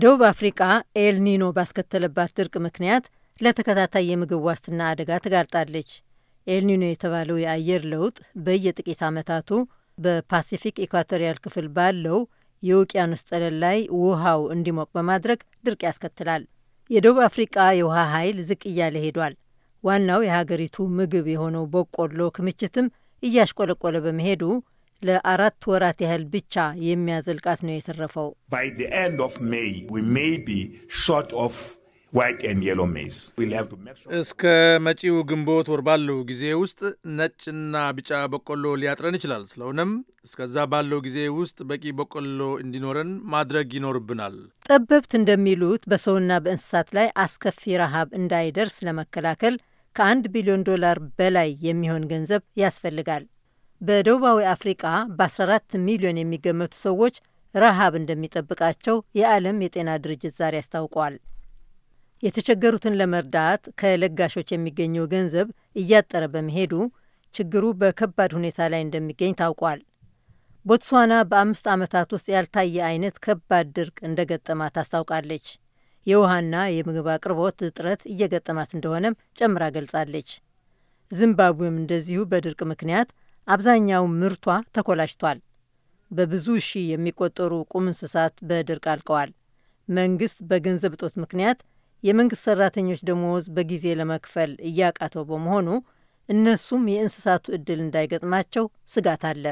ደቡብ አፍሪቃ ኤልኒኖ ባስከተለባት ድርቅ ምክንያት ለተከታታይ የምግብ ዋስትና አደጋ ትጋልጣለች። ኤልኒኖ የተባለው የአየር ለውጥ በየጥቂት ዓመታቱ በፓሲፊክ ኢኳቶሪያል ክፍል ባለው የውቅያኖስ ጠለል ላይ ውሃው እንዲሞቅ በማድረግ ድርቅ ያስከትላል። የደቡብ አፍሪቃ የውሃ ኃይል ዝቅ እያለ ሄዷል። ዋናው የሀገሪቱ ምግብ የሆነው በቆሎ ክምችትም እያሽቆለቆለ በመሄዱ ለአራት ወራት ያህል ብቻ የሚያዘልቃት ነው የተረፈው። እስከ መጪው ግንቦት ወር ባለው ጊዜ ውስጥ ነጭና ቢጫ በቆሎ ሊያጥረን ይችላል። ስለሆነም እስከዛ ባለው ጊዜ ውስጥ በቂ በቆሎ እንዲኖረን ማድረግ ይኖርብናል። ጠበብት እንደሚሉት በሰውና በእንስሳት ላይ አስከፊ ረሃብ እንዳይደርስ ለመከላከል ከአንድ ቢሊዮን ዶላር በላይ የሚሆን ገንዘብ ያስፈልጋል። በደቡባዊ አፍሪቃ በ14 ሚሊዮን የሚገመቱ ሰዎች ረሃብ እንደሚጠብቃቸው የዓለም የጤና ድርጅት ዛሬ አስታውቋል። የተቸገሩትን ለመርዳት ከለጋሾች የሚገኘው ገንዘብ እያጠረ በመሄዱ ችግሩ በከባድ ሁኔታ ላይ እንደሚገኝ ታውቋል። ቦትስዋና በአምስት ዓመታት ውስጥ ያልታየ አይነት ከባድ ድርቅ እንደገጠማት ታስታውቃለች። የውሃና የምግብ አቅርቦት እጥረት እየገጠማት እንደሆነም ጨምራ ገልጻለች። ዚምባብዌም እንደዚሁ በድርቅ ምክንያት አብዛኛው ምርቷ ተኮላጅቷል። በብዙ ሺህ የሚቆጠሩ ቁም እንስሳት በድርቅ አልቀዋል። መንግስት በገንዘብ እጦት ምክንያት የመንግስት ሰራተኞች ደሞዝ በጊዜ ለመክፈል እያቃተው በመሆኑ እነሱም የእንስሳቱ እድል እንዳይገጥማቸው ስጋት አለ።